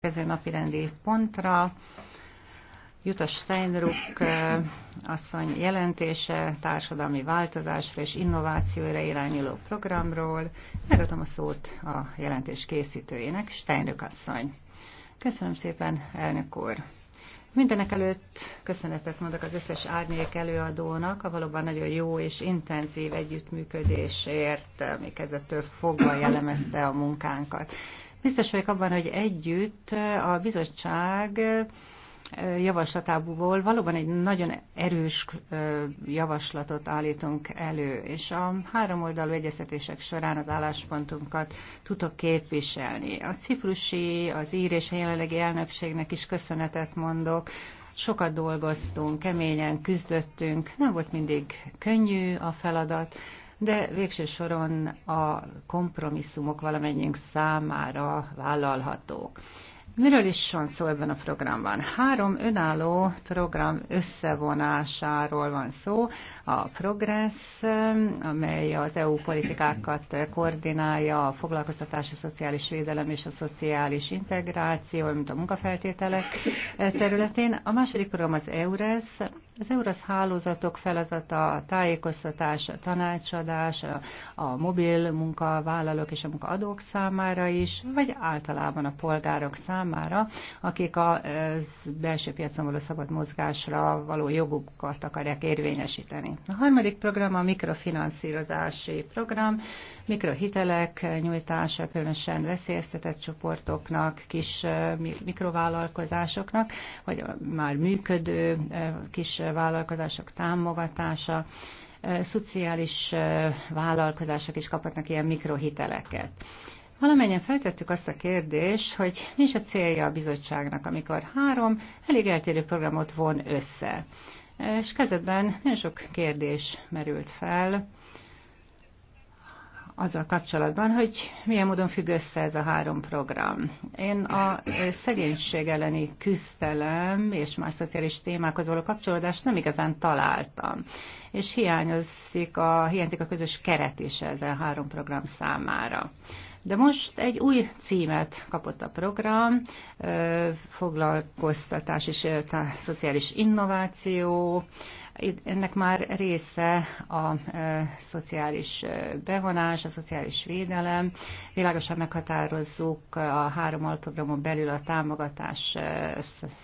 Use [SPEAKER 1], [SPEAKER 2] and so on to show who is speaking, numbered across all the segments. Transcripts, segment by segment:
[SPEAKER 1] következő napi rendi pontra. Jut a Steinruck asszony jelentése társadalmi változásra és innovációra irányuló programról. Megadom a szót a jelentés készítőjének, Steinruck asszony. Köszönöm szépen, elnök úr! Mindenek előtt köszönetet mondok az összes árnyék előadónak a valóban nagyon jó és intenzív együttműködésért, ami kezdettől fogva jellemezte a munkánkat. Biztos vagyok abban, hogy együtt a bizottság javaslatából valóban egy nagyon erős javaslatot állítunk elő, és a három oldalú egyeztetések során az álláspontunkat tudok képviselni. A ciprusi, az ír és a jelenlegi elnökségnek is köszönetet mondok, sokat dolgoztunk, keményen küzdöttünk, nem volt mindig könnyű a feladat, de végső soron a kompromisszumok valamennyiünk számára vállalhatók. Miről is van szó ebben a programban? Három önálló program összevonásáról van szó. A Progress, amely az EU politikákat koordinálja, a foglalkoztatás, a szociális védelem és a szociális integráció, mint a munkafeltételek területén. A második program az EURES, az EURES hálózatok feladata a tájékoztatás, a tanácsadás, a mobil munkavállalók és a munkaadók számára is, vagy általában a polgárok számára számára, akik a belső piacon való szabad mozgásra való jogukat akarják érvényesíteni. A harmadik program a mikrofinanszírozási program, mikrohitelek nyújtása különösen veszélyeztetett csoportoknak, kis mikrovállalkozásoknak, vagy már működő kis vállalkozások támogatása szociális vállalkozások is kaphatnak ilyen mikrohiteleket. Valamennyien feltettük azt a kérdést, hogy mi is a célja a bizottságnak, amikor három elég eltérő programot von össze. És kezdetben nagyon sok kérdés merült fel azzal kapcsolatban, hogy milyen módon függ össze ez a három program. Én a szegénység elleni küzdelem és más szociális témákhoz való kapcsolódást nem igazán találtam, és hiányozik a, hiányzik a közös keret is ezen három program számára. De most egy új címet kapott a program, foglalkoztatás és szociális innováció, ennek már része a szociális bevonás, a szociális védelem. Világosan meghatározzuk a három alprogramon belül a támogatás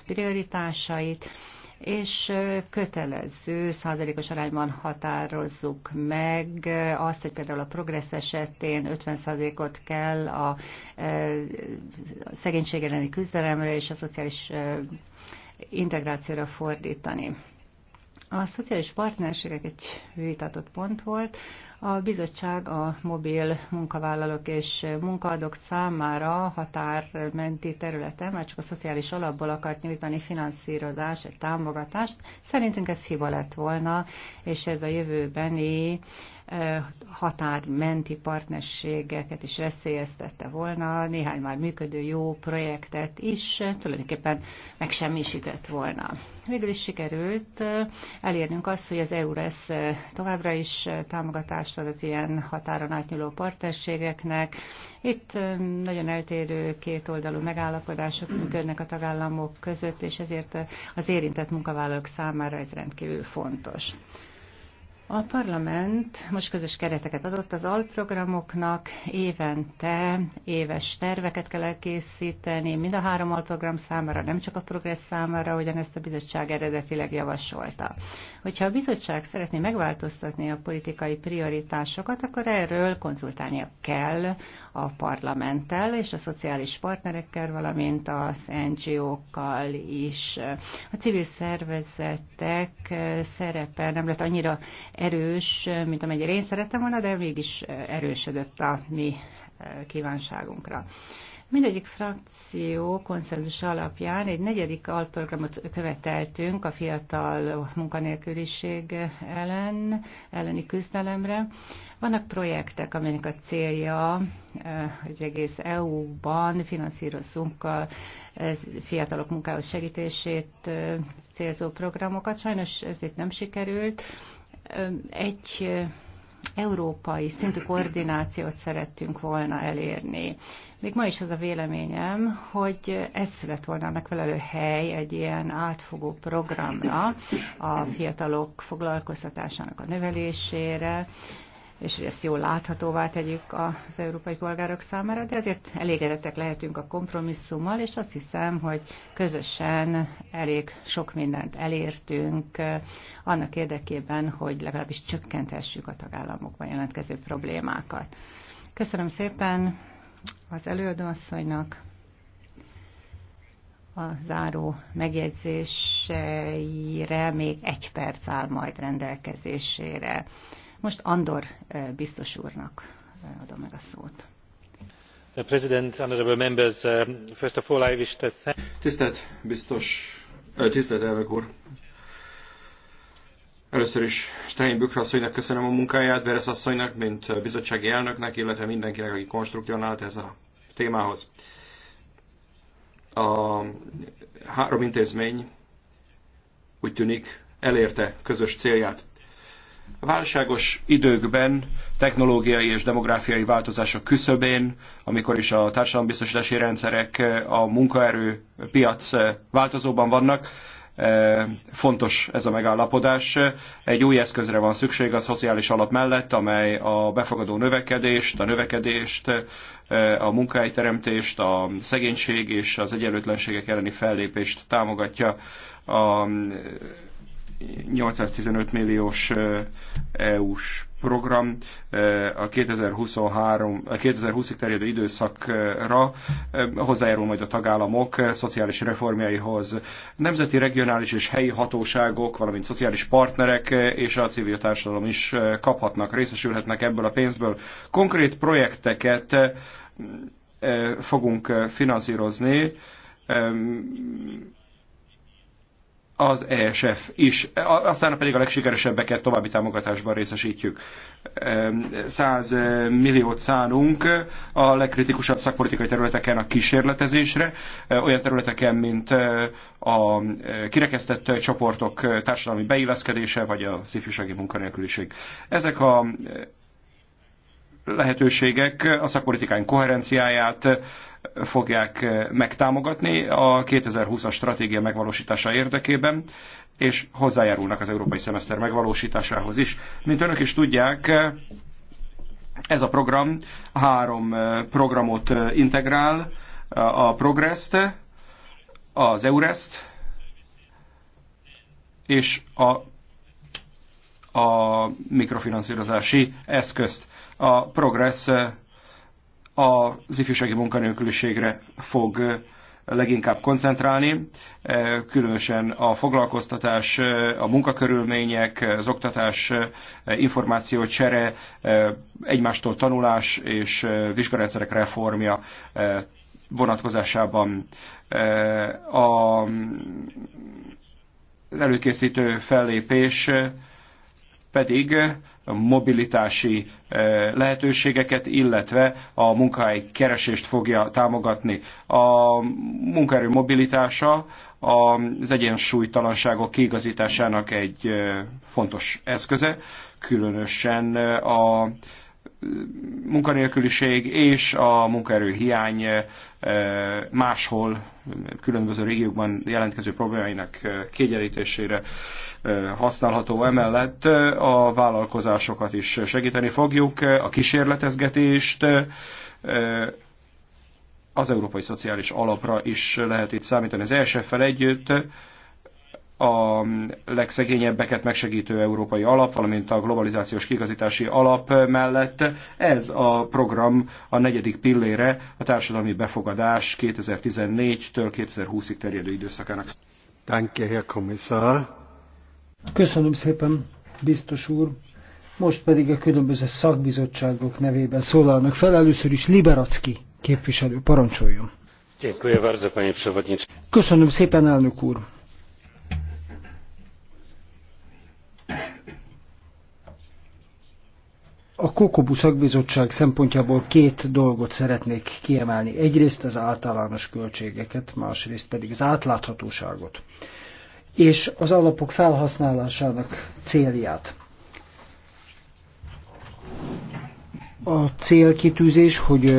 [SPEAKER 1] prioritásait, és kötelező százalékos arányban határozzuk meg azt, hogy például a progressz esetén 50 százalékot kell a szegénység elleni küzdelemre és a szociális integrációra fordítani. A szociális partnerségek egy vitatott pont volt. A bizottság a mobil munkavállalók és munkaadók számára határmenti területen már csak a szociális alapból akart nyújtani finanszírozást, egy támogatást. Szerintünk ez hiba lett volna, és ez a jövőbeni határmenti partnerségeket is veszélyeztette volna, néhány már működő jó projektet is tulajdonképpen megsemmisített volna. Végül is sikerült elérnünk azt, hogy az EURES továbbra is támogatást létrehozását az ilyen határon átnyúló partnerségeknek. Itt nagyon eltérő kétoldalú megállapodások működnek a tagállamok között, és ezért az érintett munkavállalók számára ez rendkívül fontos. A parlament most közös kereteket adott az alprogramoknak, évente éves terveket kell elkészíteni, mind a három alprogram számára, nem csak a progress számára, ahogyan ezt a bizottság eredetileg javasolta. Hogyha a bizottság szeretné megváltoztatni a politikai prioritásokat, akkor erről konzultálnia kell a parlamenttel és a szociális partnerekkel, valamint az NGO-kkal is. A civil szervezetek szerepe nem lett annyira erős, mint amennyire én szerettem volna, de mégis erősödött a mi eh, kívánságunkra. Mindegyik frakció konszenzus alapján egy negyedik alprogramot követeltünk a fiatal munkanélküliség ellen, elleni küzdelemre. Vannak projektek, amelynek a célja, eh, hogy egész EU-ban finanszírozzunk a eh, fiatalok munkához segítését eh, célzó programokat. Sajnos ez itt nem sikerült. Egy európai szintű koordinációt szerettünk volna elérni. Még ma is az a véleményem, hogy ez szület volna a megfelelő hely egy ilyen átfogó programra a fiatalok foglalkoztatásának a növelésére, és hogy ezt jól láthatóvá tegyük az európai polgárok számára, de azért elégedettek lehetünk a kompromisszummal, és azt hiszem, hogy közösen elég sok mindent elértünk eh, annak érdekében, hogy legalábbis csökkentessük a tagállamokban jelentkező problémákat. Köszönöm szépen az előadóasszonynak a záró megjegyzéseire még egy perc áll majd rendelkezésére. Most Andor eh, biztos úrnak eh, adom meg a szót.
[SPEAKER 2] Members, eh, first of all, I wish to thank... Tisztelt biztos, tisztelt elnök úr! Először is Steinbücher asszonynak köszönöm a munkáját, Beres asszonynak, mint bizottsági elnöknek, illetve mindenkinek, aki konstruktívan állt ez a témához. A három intézmény úgy tűnik elérte közös célját. A válságos időkben, technológiai és demográfiai változások küszöbén, amikor is a társadalombiztosítási rendszerek, a munkaerő piac változóban vannak, e, fontos ez a megállapodás. Egy új eszközre van szükség a szociális alap mellett, amely a befogadó növekedést, a növekedést, e, a munkahelyteremtést, a szegénység és az egyenlőtlenségek elleni fellépést támogatja. A 815 milliós EU-s program a 2023, 2020-ig terjedő időszakra hozzájárul majd a tagállamok szociális reformjaihoz. Nemzeti, regionális és helyi hatóságok, valamint szociális partnerek és a civil társadalom is kaphatnak, részesülhetnek ebből a pénzből. Konkrét projekteket fogunk finanszírozni az ESF is. Aztán pedig a legsikeresebbeket további támogatásban részesítjük. 100 eh, milliót szánunk a legkritikusabb szakpolitikai területeken a kísérletezésre, eh, olyan területeken, mint eh, a kirekesztett csoportok társadalmi beilleszkedése, vagy a ifjúsági munkanélküliség. Ezek a lehetőségek a szakpolitikány koherenciáját eh, fogják eh, megtámogatni a 2020-as stratégia megvalósítása érdekében, és hozzájárulnak az európai szemeszter megvalósításához is. Mint önök is tudják, eh, ez a program három programot integrál, a Progress-t, az Eurest és a, a mikrofinanszírozási eszközt a progress az ifjúsági munkanélküliségre fog leginkább koncentrálni, különösen a foglalkoztatás, a munkakörülmények, az oktatás, információ csere, egymástól tanulás és vizsgarendszerek reformja vonatkozásában. A előkészítő fellépés pedig mobilitási eh, lehetőségeket, illetve a munkahelyi keresést fogja támogatni. A munkaerő mobilitása az egyensúlytalanságok kiigazításának egy eh, fontos eszköze, különösen eh, a munkanélküliség és a munkaerőhiány máshol különböző régiókban jelentkező problémáinak kiegyenlítésére használható. Emellett a vállalkozásokat is segíteni fogjuk, a kísérletezgetést, az Európai Szociális Alapra is lehet itt számítani. Az ESF-fel együtt a legszegényebbeket megsegítő európai alap, valamint a globalizációs kigazítási alap mellett. Ez a program a negyedik pillére a társadalmi befogadás 2014-től 2020-ig terjedő időszakának. Danke, Herr Kommissar.
[SPEAKER 3] Köszönöm szépen, biztos úr. Most pedig a különböző szakbizottságok nevében szólalnak fel. Először is Liberacki képviselő parancsoljon. Köszönöm szépen, elnök úr. A Kokobu szakbizottság szempontjából két dolgot szeretnék kiemelni. Egyrészt az általános költségeket, másrészt pedig az átláthatóságot és az alapok felhasználásának célját. A célkitűzés, hogy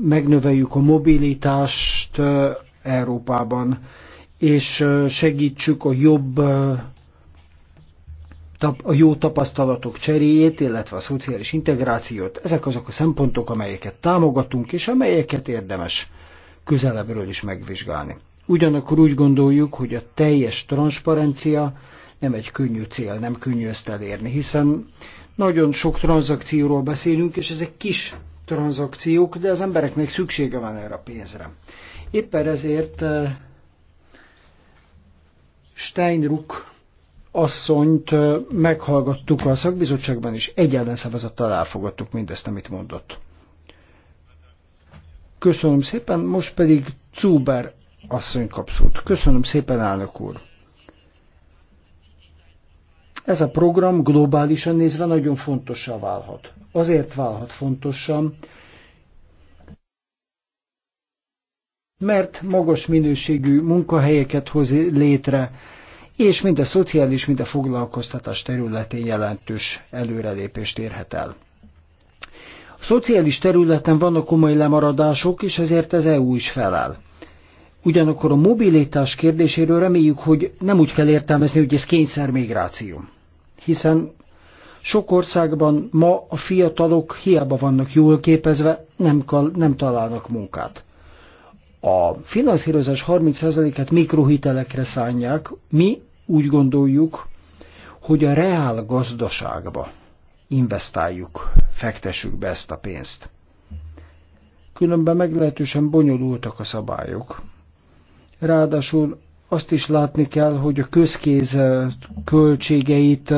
[SPEAKER 3] megnöveljük a mobilitást Európában, és segítsük a jobb a jó tapasztalatok cseréjét, illetve a szociális integrációt. Ezek azok a szempontok, amelyeket támogatunk, és amelyeket érdemes közelebbről is megvizsgálni. Ugyanakkor úgy gondoljuk, hogy a teljes transzparencia nem egy könnyű cél, nem könnyű ezt elérni, hiszen nagyon sok tranzakcióról beszélünk, és ezek kis tranzakciók, de az embereknek szüksége van erre a pénzre. Éppen ezért eh, Steinruck asszonyt meghallgattuk a szakbizottságban, és egy szavazattal elfogadtuk mindezt, amit mondott. Köszönöm szépen, most pedig Cúber asszony kapszult. Köszönöm szépen, elnök úr. Ez a program globálisan nézve nagyon fontossá válhat. Azért válhat fontosan, mert magas minőségű munkahelyeket hoz létre, és mind a szociális, mind a foglalkoztatás területén jelentős előrelépést érhet el. A szociális területen vannak komoly lemaradások, és ezért az EU is feláll. Ugyanakkor a mobilitás kérdéséről reméljük, hogy nem úgy kell értelmezni, hogy ez kényszer migráció. Hiszen sok országban ma a fiatalok hiába vannak jól képezve, nem, kal, nem találnak munkát a finanszírozás 30%-át mikrohitelekre szánják. Mi úgy gondoljuk, hogy a reál gazdaságba investáljuk, fektessük be ezt a pénzt. Különben meglehetősen bonyolultak a szabályok. Ráadásul azt is látni kell, hogy a közkéz költségeit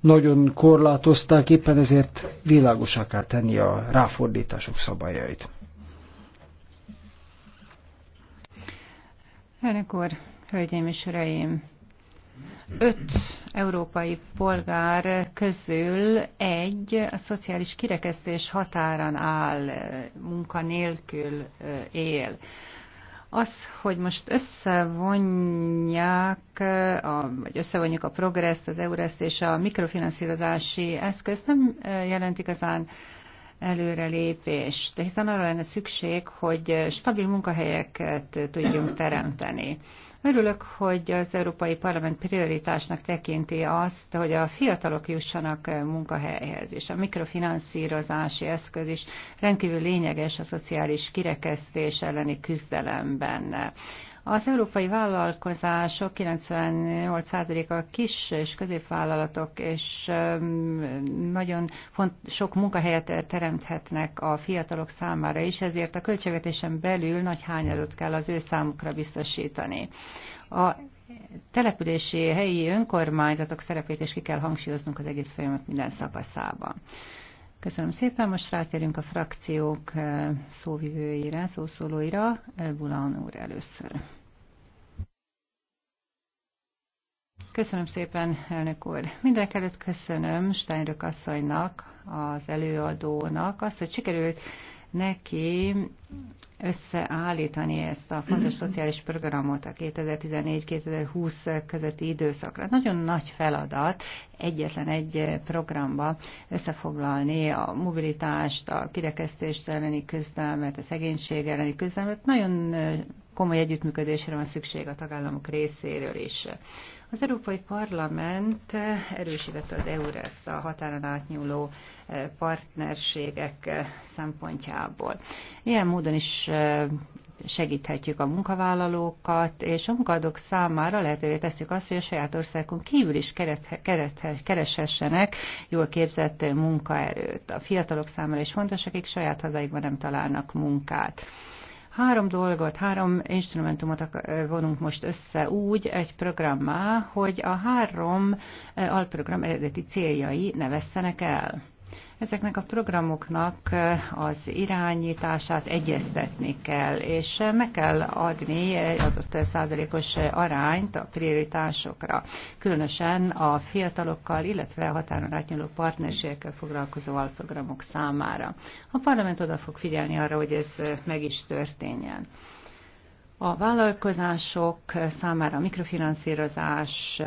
[SPEAKER 3] nagyon korlátozták, éppen ezért világosá kell tenni a ráfordítások szabályait.
[SPEAKER 1] Elnök úr, hölgyeim és uraim! Öt európai polgár közül egy a szociális kirekesztés határán áll, munkanélkül él az, hogy most összevonják, a, vagy összevonjuk a progresszt, az eures és a mikrofinanszírozási eszközt, nem jelent igazán előrelépést, hiszen arra lenne szükség, hogy stabil munkahelyeket tudjunk teremteni. Örülök, hogy az Európai Parlament prioritásnak tekinti azt, hogy a fiatalok jussanak munkahelyhez, és a mikrofinanszírozási eszköz is rendkívül lényeges a szociális kirekesztés elleni küzdelemben. Az európai vállalkozások 98%-a kis és középvállalatok, és nagyon font, sok munkahelyet teremthetnek a fiatalok számára is, ezért a költségvetésen belül nagy hányadot kell az ő számukra biztosítani. A települési helyi önkormányzatok szerepét is ki kell hangsúlyoznunk az egész folyamat minden szakaszában. Köszönöm szépen, most rátérünk a frakciók szóvivőire, szószólóira. Bulán úr először. Köszönöm szépen, elnök úr. Mindenek előtt köszönöm Steinrök asszonynak, az előadónak azt, hogy sikerült neki összeállítani ezt a fontos szociális programot a 2014-2020 közötti időszakra. Nagyon nagy feladat egyetlen egy programba összefoglalni a mobilitást, a kirekesztést elleni küzdelmet, a szegénység elleni küzdelmet. Nagyon komoly együttműködésre van szükség a tagállamok részéről is. Az Európai Parlament erősítette az ezt a határon átnyúló eh, partnerségek eh, szempontjából. Ilyen módon is eh, segíthetjük a munkavállalókat, és a munkadók számára lehetővé tesszük azt, hogy a saját országunk kívül is kereshessenek jól képzett munkaerőt. A fiatalok számára is fontos, akik saját hazáikban nem találnak munkát. Három dolgot, három instrumentumot vonunk most össze úgy egy programmá, hogy a három alprogram eredeti céljai ne vesztenek el. Ezeknek a programoknak eh, az irányítását egyeztetni kell, és eh, meg kell adni egy adott százalékos eh, arányt a prioritásokra, különösen a fiatalokkal, illetve a határon átnyúló partnerségekkel foglalkozó alprogramok számára. A parlament oda fog figyelni arra, hogy ez meg is történjen. A vállalkozások számára a mikrofinanszírozás,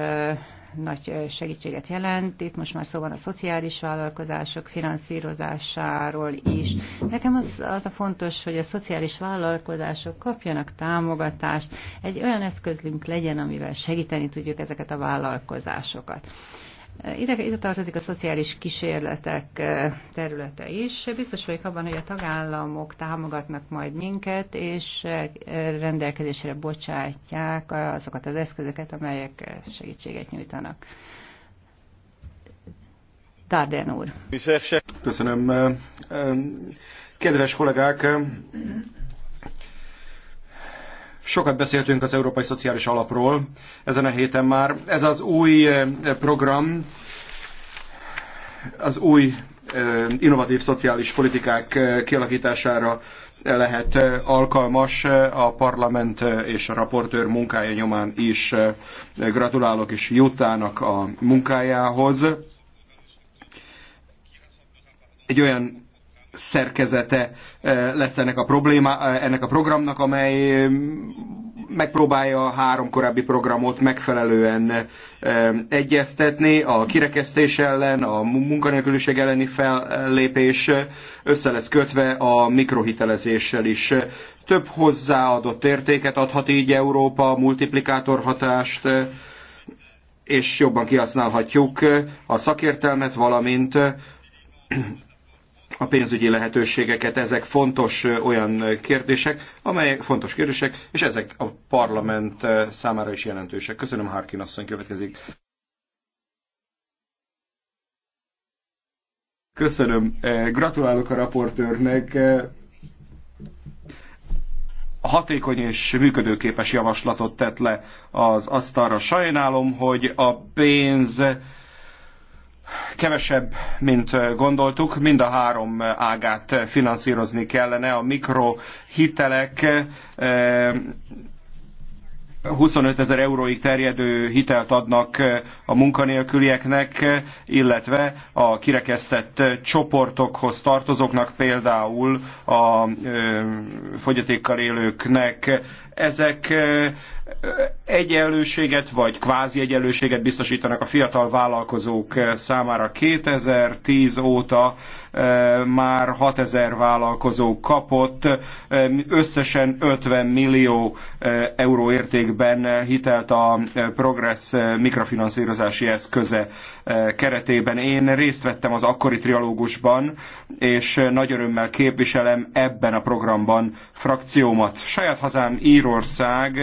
[SPEAKER 1] nagy segítséget jelent. Itt most már szó van a szociális vállalkozások finanszírozásáról is. Nekem az, az a fontos, hogy a szociális vállalkozások kapjanak támogatást, egy olyan eszközünk legyen, amivel segíteni tudjuk ezeket a vállalkozásokat. Ide, ide tartozik a szociális kísérletek területe is. Biztos vagyok abban, hogy a tagállamok támogatnak majd minket, és rendelkezésre bocsátják azokat az eszközöket, amelyek segítséget nyújtanak. Darden úr.
[SPEAKER 2] Köszönöm. Kedves kollégák, Sokat beszéltünk az Európai Szociális Alapról ezen a héten már. Ez az új eh, program, az új eh, innovatív szociális politikák eh, kialakítására lehet alkalmas a parlament és a raportőr munkája nyomán is. Gratulálok és Jutának a munkájához. Egy olyan szerkezete eh, lesz ennek a, probléma, eh, ennek a programnak, amely mm, megpróbálja a három korábbi programot megfelelően eh, egyeztetni, a kirekesztés ellen, a munkanélküliség elleni fellépés össze lesz kötve a mikrohitelezéssel is. Több hozzáadott értéket adhat így Európa, multiplikátor hatást, és jobban kihasználhatjuk a szakértelmet, valamint a pénzügyi lehetőségeket. Ezek fontos olyan kérdések, amelyek fontos kérdések, és ezek a parlament számára is jelentősek. Köszönöm, Harkin asszony következik. Köszönöm. Gratulálok a raportőrnek. Hatékony és működőképes javaslatot tett le az asztalra. Sajnálom, hogy a pénz kevesebb, mint gondoltuk. Mind a három ágát finanszírozni kellene. A mikrohitelek 25 ezer euróig terjedő hitelt adnak a munkanélkülieknek, illetve a kirekesztett csoportokhoz tartozóknak, például a fogyatékkal élőknek ezek egyenlőséget vagy kvázi egyenlőséget biztosítanak a fiatal vállalkozók számára. 2010 óta már 6000 vállalkozó kapott, összesen 50 millió euró értékben hitelt a Progress mikrofinanszírozási eszköze keretében. Én részt vettem az akkori trialógusban, és nagy örömmel képviselem ebben a programban frakciómat. Saját hazám Írország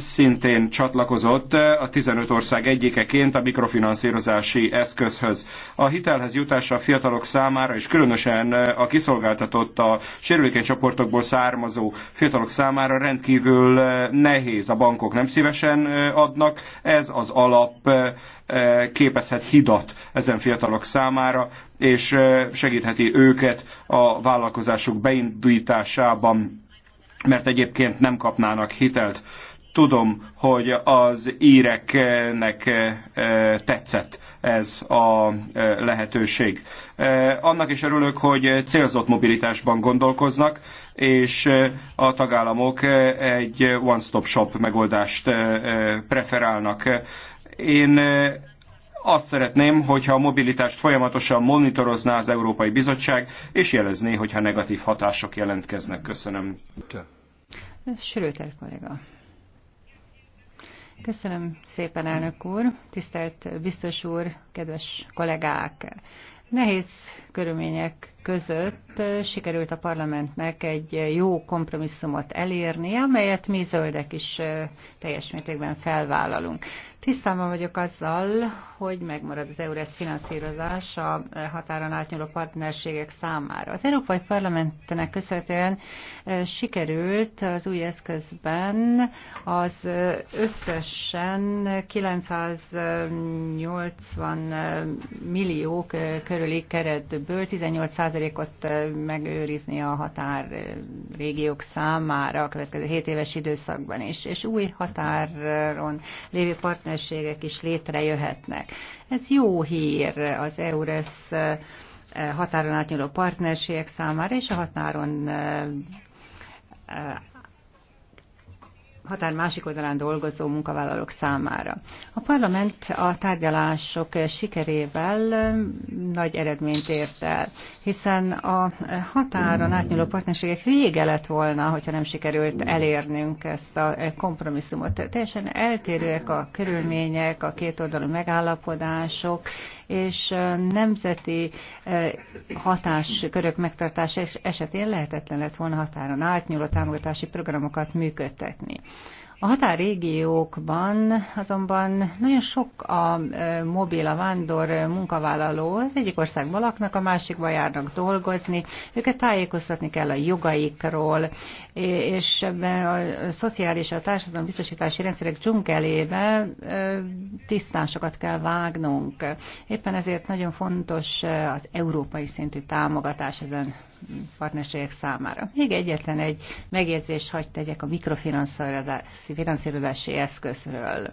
[SPEAKER 2] szintén csatlakozott eh, a 15 ország egyikeként a mikrofinanszírozási eszközhöz. A hitelhez jutása a fiatalok számára, és különösen eh, a kiszolgáltatott a sérülékeny csoportokból származó fiatalok számára rendkívül eh, nehéz. A bankok nem szívesen adnak, ez az alap képezhet hidat ezen fiatalok számára, és segítheti őket a vállalkozásuk beindításában, mert egyébként nem kapnának hitelt Tudom, hogy az íreknek eh, tetszett ez a eh, lehetőség. Eh, annak is örülök, hogy célzott mobilitásban gondolkoznak, és a tagállamok egy one-stop shop megoldást preferálnak. Én azt szeretném, hogyha a mobilitást folyamatosan monitorozná az Európai Bizottság, és jelezné, hogyha negatív hatások jelentkeznek. Köszönöm.
[SPEAKER 1] Schröter kolléga. Köszönöm szépen, elnök úr, tisztelt biztos úr, kedves kollégák! Nehéz körülmények között sikerült a parlamentnek egy jó kompromisszumot elérni, amelyet mi zöldek is teljes mértékben felvállalunk. Tisztában vagyok azzal, hogy megmarad az EURES finanszírozás a határon átnyúló partnerségek számára. Az Európai Parlamentnek köszönhetően sikerült az új eszközben az összesen 980 millió körüli keretből 18 százalékot megőrizni a határ régiók számára a következő 7 éves időszakban is, és új határon lévő partnerségek is létrejöhetnek. Ez jó hír az EURES határon átnyúló partnerségek számára és a határon határ másik oldalán dolgozó munkavállalók számára. A parlament a tárgyalások sikerével um, nagy eredményt ért el, hiszen a határon átnyúló partnerségek vége lett volna, hogyha nem sikerült elérnünk ezt a kompromisszumot. Teljesen eltérőek a körülmények, a két oldalú megállapodások, és nemzeti hatáskörök megtartása esetén lehetetlen lett volna határon átnyúló támogatási programokat működtetni. A határrégiókban azonban nagyon sok a e, mobil, a vándor munkavállaló. Az egyik országban laknak, a másikban járnak dolgozni. Őket tájékoztatni kell a jogaikról, és ebben a szociális, a társadalom biztosítási rendszerek dzsungelébe e, tisztán sokat kell vágnunk. Éppen ezért nagyon fontos e, az európai szintű támogatás ezen partnerségek számára. Még egyetlen egy megjegyzés hagy tegyek a mikrofinanszírozási eszközről.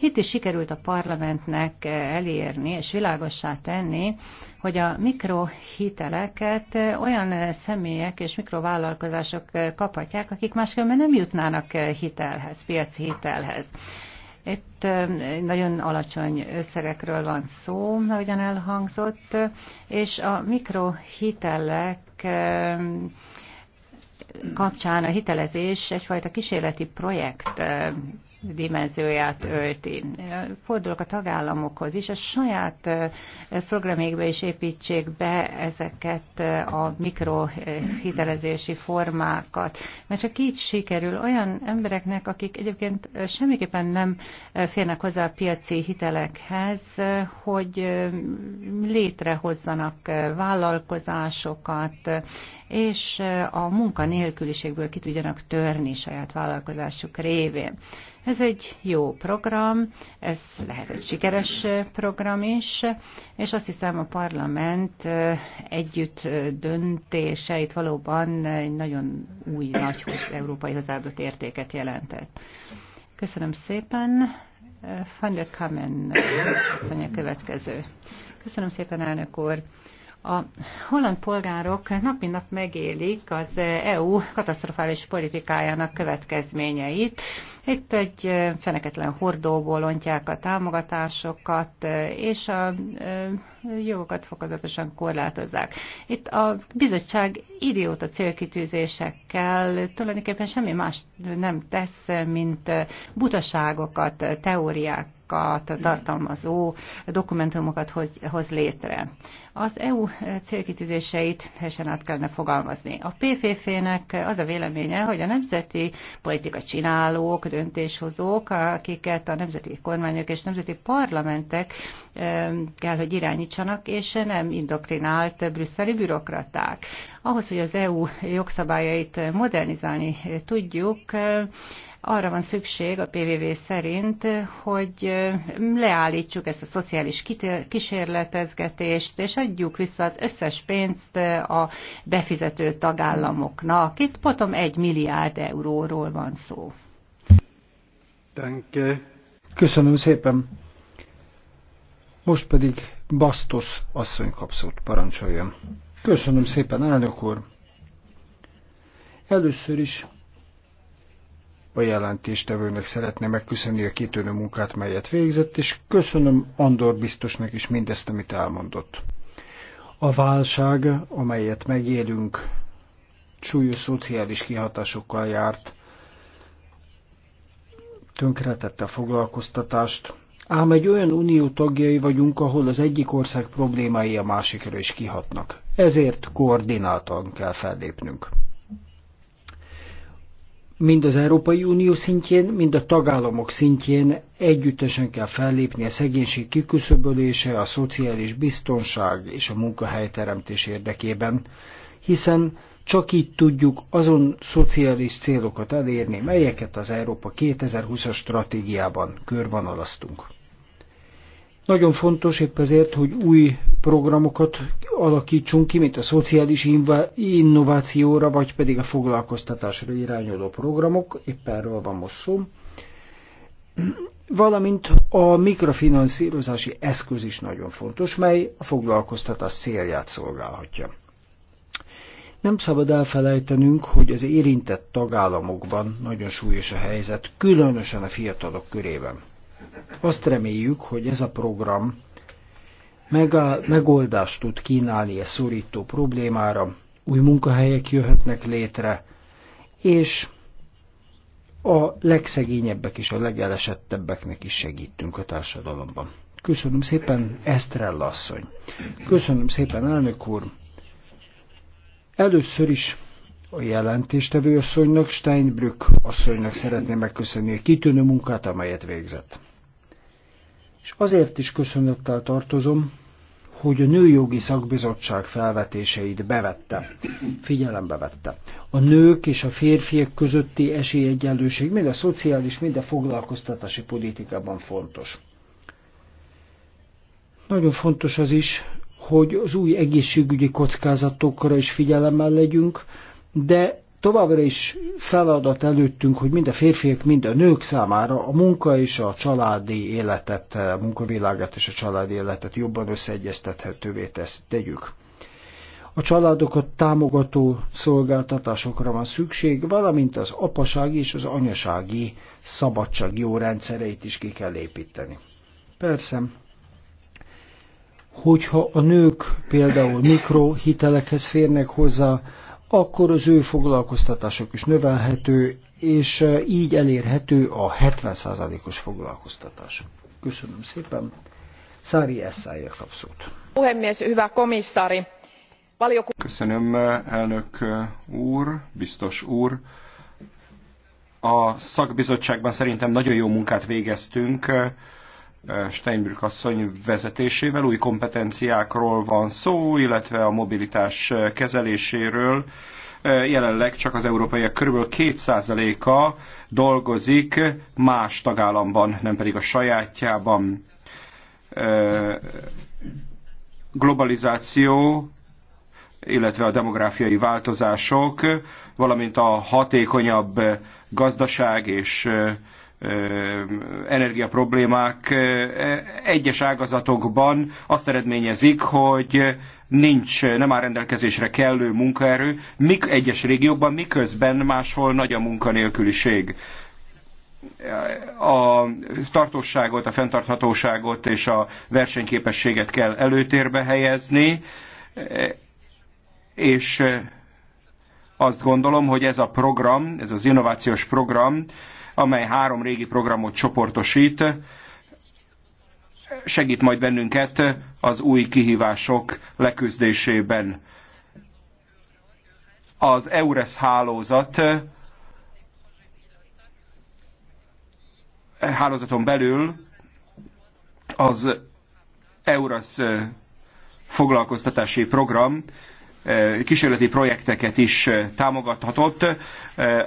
[SPEAKER 1] Itt is sikerült a parlamentnek elérni és világossá tenni, hogy a mikrohiteleket olyan személyek és mikrovállalkozások kaphatják, akik máskülönben nem jutnának hitelhez, piaci hitelhez. Itt nagyon alacsony összegekről van szó, ahogyan elhangzott, és a mikrohitelek kapcsán a hitelezés egyfajta kísérleti projekt dimenzióját ölti. Fordulok a tagállamokhoz is, a saját programjékbe is építsék be ezeket a mikrohitelezési formákat, mert csak így sikerül olyan embereknek, akik egyébként semmiképpen nem férnek hozzá a piaci hitelekhez, hogy létrehozzanak vállalkozásokat, és a munkanélküliségből ki tudjanak törni saját vállalkozásuk révén. Ez egy jó program, ez lehet egy sikeres program is, és azt hiszem a parlament együtt döntéseit valóban egy nagyon új nagy európai hozzáadott értéket jelentett. Köszönöm szépen. Van der Kamen, a következő. Köszönöm szépen, elnök úr. A holland polgárok nap mint nap megélik az EU katasztrofális politikájának következményeit. Itt egy feneketlen hordóból ontják a támogatásokat, és a jogokat fokozatosan korlátozzák. Itt a bizottság idióta célkitűzésekkel tulajdonképpen semmi más nem tesz, mint butaságokat, teóriák a tartalmazó dokumentumokat hoz, hoz létre. Az EU célkitűzéseit helyesen át kellene fogalmazni. A PFF-nek az a véleménye, hogy a nemzeti politika csinálók, döntéshozók, akiket a nemzeti kormányok és nemzeti parlamentek kell, hogy irányítsanak, és nem indoktrinált brüsszeli bürokraták. Ahhoz, hogy az EU jogszabályait modernizálni tudjuk, arra van szükség a PVV szerint, hogy leállítsuk ezt a szociális kísérletezgetést, és adjuk vissza az összes pénzt a befizető tagállamoknak. Itt potom egy milliárd euróról van szó.
[SPEAKER 3] Danke. Köszönöm szépen. Most pedig Bastos asszony kapszót parancsoljon. Köszönöm szépen, elnök úr. Először is a jelentéstevőnek szeretném megköszönni a kitűnő munkát, melyet végzett, és köszönöm Andor biztosnak is mindezt, amit elmondott. A válság, amelyet megélünk, súlyos szociális kihatásokkal járt, tönkretette a foglalkoztatást, ám egy olyan unió tagjai vagyunk, ahol az egyik ország problémái a másikra is kihatnak. Ezért koordináltan kell fellépnünk mind az Európai Unió szintjén, mind a tagállamok szintjén együttesen kell fellépni a szegénység kiküszöbölése, a szociális biztonság és a munkahelyteremtés érdekében, hiszen csak így tudjuk azon szociális célokat elérni, melyeket az Európa 2020-as stratégiában körvonalaztunk. Nagyon fontos épp ezért, hogy új programokat alakítsunk ki, mint a szociális innovációra, vagy pedig a foglalkoztatásra irányuló programok, éppen erről van most szó, valamint a mikrofinanszírozási eszköz is nagyon fontos, mely a foglalkoztatás célját szolgálhatja. Nem szabad elfelejtenünk, hogy az érintett tagállamokban nagyon súlyos a helyzet, különösen a fiatalok körében. Azt reméljük, hogy ez a program megoldást tud kínálni a e szorító problémára, új munkahelyek jöhetnek létre, és a legszegényebbek és a legelesettebbeknek is segítünk a társadalomban. Köszönöm szépen, Esztrell asszony. Köszönöm szépen, elnök úr. Először is a jelentéstevő asszonynak, Steinbrück asszonynak szeretném megköszönni a kitűnő munkát, amelyet végzett és azért is köszönöttel tartozom, hogy a Nőjogi Szakbizottság felvetéseit bevette, figyelembe vette. A nők és a férfiak közötti esélyegyenlőség mind a szociális, mind a foglalkoztatási politikában fontos. Nagyon fontos az is, hogy az új egészségügyi kockázatokra is figyelemmel legyünk, de Továbbra is feladat előttünk, hogy mind a férfiak, mind a nők számára a munka és a családi életet, a munkavilágát és a családi életet jobban összeegyeztethetővé tesz, tegyük. A családokat támogató szolgáltatásokra van szükség, valamint az apasági és az anyasági szabadság jó rendszereit is ki kell építeni. Persze, hogyha a nők például mikrohitelekhez férnek hozzá, akkor az ő foglalkoztatások is növelhető, és e, így elérhető a 70%-os foglalkoztatás. Köszönöm szépen. Szári Eszáért kap szót. Puhemies, hyvä komissári.
[SPEAKER 2] Köszönöm, e, elnök e, úr, biztos úr. A szakbizottságban szerintem nagyon jó munkát végeztünk Steinbrück asszony vezetésével. Új kompetenciákról van szó, illetve a mobilitás kezeléséről. Jelenleg csak az európaiak kb. 2%-a dolgozik más tagállamban, nem pedig a sajátjában. Globalizáció, illetve a demográfiai változások, valamint a hatékonyabb gazdaság és energiaproblémák egyes ágazatokban azt eredményezik, hogy nincs, nem áll rendelkezésre kellő munkaerő, mik egyes régiókban, miközben máshol nagy a munkanélküliség a tartóságot, a fenntarthatóságot és a versenyképességet kell előtérbe helyezni, és azt gondolom, hogy ez a program, ez az innovációs program amely három régi programot csoportosít, segít majd bennünket az új kihívások leküzdésében. Az EURES hálózat hálózaton belül az EURES foglalkoztatási program Eh, kísérleti projekteket is eh, támogathatott, eh,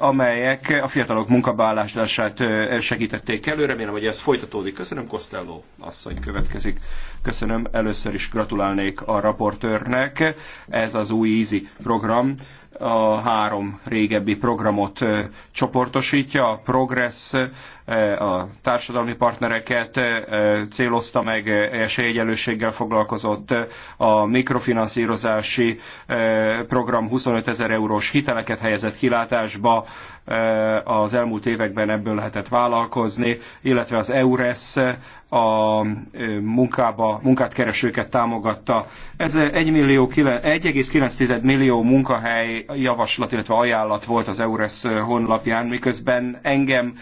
[SPEAKER 2] amelyek a fiatalok munkavállásását segítették elő. Remélem, hogy ez folytatódik. Köszönöm, Costello asszony következik. Köszönöm, először is gratulálnék a raportőrnek. Ez az új Easy program a három régebbi programot csoportosítja, a Progress, Eh, a társadalmi partnereket, eh, célozta meg esélyegyelősséggel foglalkozott eh, a mikrofinanszírozási program 25 ezer eurós hiteleket helyezett kilátásba, az elmúlt években ebből lehetett vállalkozni, illetve az EURES a munkába, munkát keresőket támogatta. Ez 1,9 millió munkahely javaslat, illetve ajánlat volt az EURES honlapján, miközben engem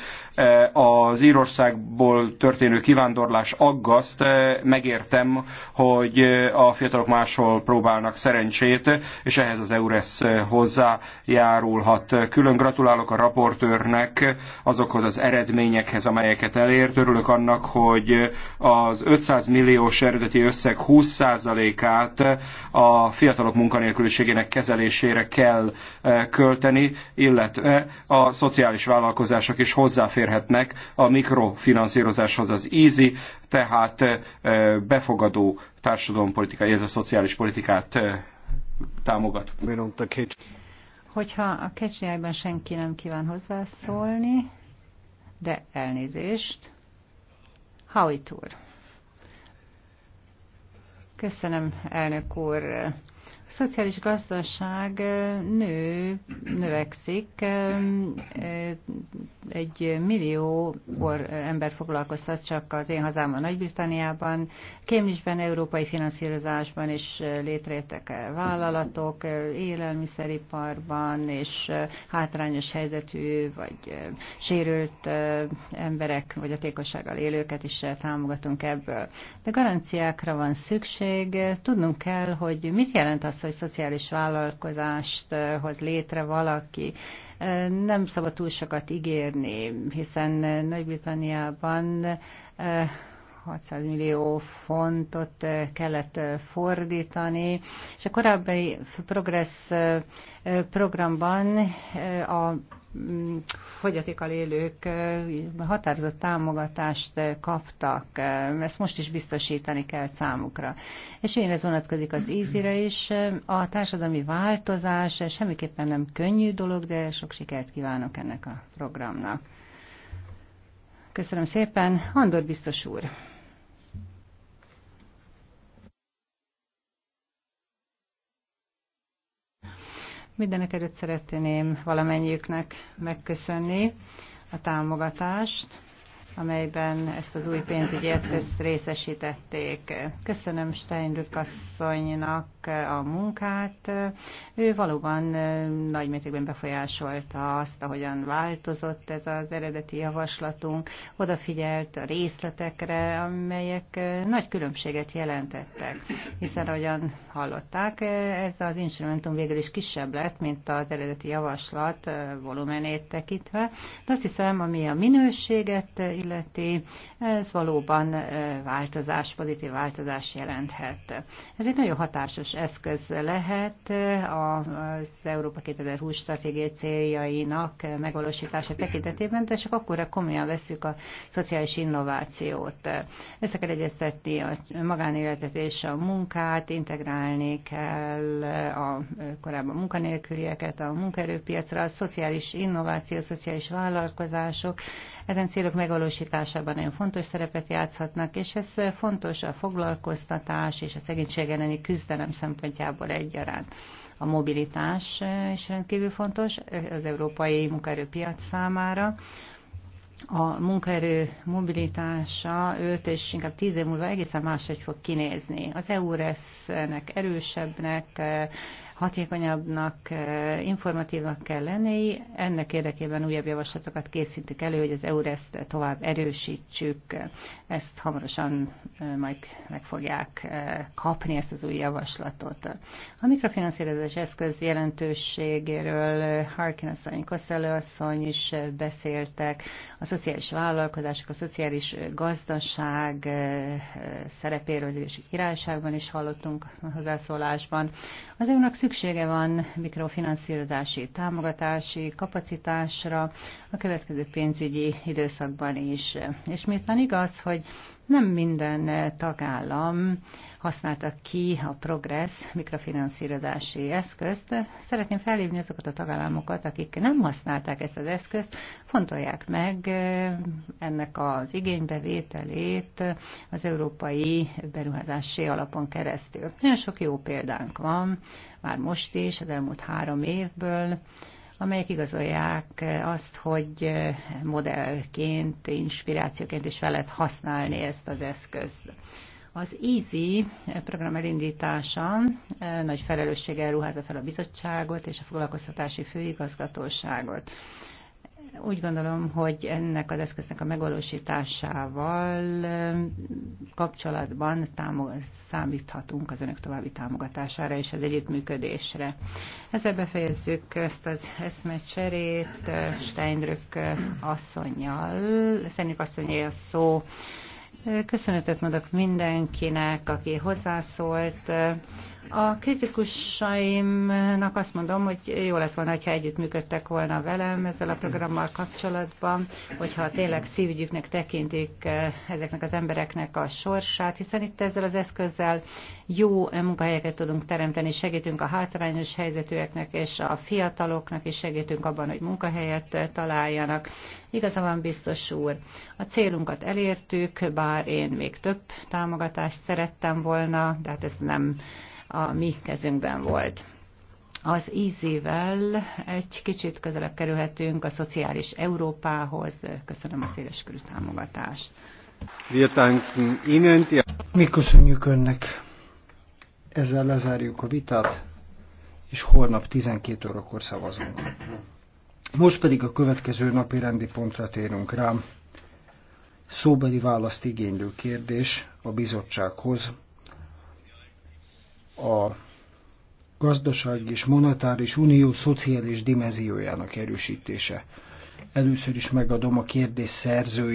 [SPEAKER 2] az Írországból történő kivándorlás aggaszt, eh, megértem, hogy eh, a fiatalok máshol próbálnak szerencsét, és ehhez az EURES eh, hozzájárulhat. Külön gratulálok a raportőrnek azokhoz az eredményekhez, amelyeket elért. Örülök annak, hogy az 500 milliós eredeti összeg 20%-át a fiatalok munkanélküliségének kezelésére kell költeni, illetve a szociális vállalkozások is hozzáférhetnek hozzáférnek a mikrofinanszírozáshoz az easy, tehát befogadó ez illetve szociális politikát támogat.
[SPEAKER 1] Hogyha a kecsnyájban senki nem kíván hozzászólni, de elnézést. Hajtúr. Köszönöm, elnök úr szociális gazdaság nő, növekszik, egy millió ember foglalkoztat csak az én hazámban, Nagy-Britanniában, Kémlisben, európai finanszírozásban is létrejöttek vállalatok, élelmiszeriparban, és hátrányos helyzetű vagy sérült emberek, vagy a tékossággal élőket is támogatunk ebből. De garanciákra van szükség, tudnunk kell, hogy mit jelent az, hogy szociális vállalkozást eh, hoz létre valaki. Eh, nem szabad túl sokat ígérni, hiszen eh, Nagy-Britanniában 600 millió fontot kellett fordítani, és a korábbi progress programban a Mm, fogyatékkal élők eh, határozott támogatást eh, kaptak. Eh, ezt most is biztosítani kell számukra. És én ez vonatkozik az ízire is. A társadalmi változás semmiképpen nem könnyű dolog, de sok sikert kívánok ennek a programnak. Köszönöm szépen. Andor biztos úr. Mindenek előtt szeretném valamennyiüknek megköszönni a támogatást, amelyben ezt az új pénzügyi eszközt részesítették. Köszönöm Steinrück asszonynak a munkát. Ő valóban nagy mértékben befolyásolta azt, ahogyan változott ez az eredeti javaslatunk, odafigyelt a részletekre, amelyek nagy különbséget jelentettek, hiszen ahogyan hallották, ez az instrumentum végül is kisebb lett, mint az eredeti javaslat volumenét tekintve, de azt hiszem, ami a minőséget illeti, ez valóban változás, pozitív változás jelenthet. Ez egy nagyon hatásos eszköz lehet az Európa 2020 stratégiai céljainak megvalósítása tekintetében, de csak akkor komolyan veszük a szociális innovációt. Össze kell egyeztetni a magánéletet és a munkát, integrálni kell a korábban munkanélkülieket a munkaerőpiacra, a szociális innováció, a szociális vállalkozások, ezen célok megvalósításában nagyon fontos szerepet játszhatnak, és ez fontos a foglalkoztatás és a szegénység elleni küzdelem szempontjából egyaránt. A mobilitás eh, is rendkívül fontos eh, az európai munkaerőpiac számára a munkaerő mobilitása 5 és inkább 10 év múlva egészen máshogy fog kinézni. Az EURES-nek erősebbnek, eh, hatékonyabbnak, informatívnak kell lenni. Ennek érdekében újabb javaslatokat készítik elő, hogy az EURES-t tovább erősítsük. Ezt hamarosan majd meg fogják kapni, ezt az új javaslatot. A mikrofinanszírozás eszköz jelentőségéről Harkin asszony, Koszelő asszony is beszéltek. A szociális vállalkozások, a szociális gazdaság szerepéről az Egyesült Királyságban is hallottunk a hozzászólásban. Az eu Szüksége van mikrofinanszírozási, támogatási kapacitásra a következő pénzügyi időszakban is. És miután igaz, hogy nem minden eh, tagállam használta ki a Progress mikrofinanszírozási eszközt. Szeretném felhívni azokat a tagállamokat, akik nem használták ezt az eszközt, fontolják meg eh, ennek az igénybevételét az Európai Beruházási Alapon keresztül. Nagyon sok jó példánk van, már most is, az elmúlt három évből amelyek igazolják azt, hogy modellként, inspirációként is fel lehet használni ezt az eszközt. Az EASY program elindítása nagy felelősséggel ruházza fel a bizottságot és a foglalkoztatási főigazgatóságot. Úgy gondolom, hogy ennek az eszköznek a megvalósításával kapcsolatban számíthatunk az önök további támogatására és az együttműködésre. Ezzel befejezzük ezt az eszmecserét eh, Steindrück eh, asszonynal. Szerintem asszonyé a szó. Köszönetet mondok mindenkinek, aki hozzászólt. A kritikusaimnak azt mondom, hogy jó lett volna, ha együttműködtek volna velem ezzel a programmal kapcsolatban, hogyha tényleg szívügyüknek tekintik eh, ezeknek az embereknek a sorsát, hiszen itt ezzel az eszközzel jó munkahelyeket tudunk teremteni, segítünk a hátrányos helyzetűeknek és a fiataloknak is segítünk abban, hogy munkahelyet találjanak. Igaza van biztos úr, a célunkat elértük, bár bár én még több támogatást szerettem volna, de hát ez nem a mi kezünkben volt. Az ízével egy kicsit közelebb kerülhetünk a szociális Európához. Köszönöm a széleskörű támogatást.
[SPEAKER 3] Mi köszönjük Önnek. Ezzel lezárjuk a vitát, és holnap 12 órakor szavazunk. Most pedig a következő napi rendi pontra térünk rám szóbeli választ igénylő kérdés a bizottsághoz. A gazdasági és monetáris unió szociális dimenziójának erősítése. Először is megadom a kérdés szerzői